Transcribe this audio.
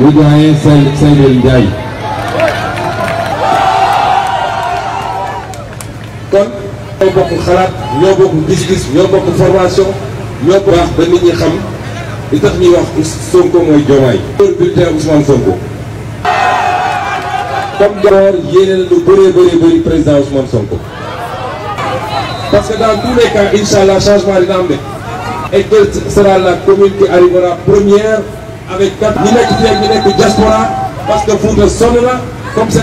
le doyen Samuel Ndiaye kon ñoo bokk xalaat ñoo bokk gis-gis ñoo bokk formation ñoo bokk baax ba nit ñi xam li tax ñuy wax Sonko mooy Diomaye heure bulletin Ousmane yéene lu bëree bëri bëri président Ousmane Sonko parce que dans tous les cas allah changement dina am de et quelle sera la commune qui première avec quatre ñi nekk fii ak ñi nekk diaspora parce que Fouta sonn na comme seen.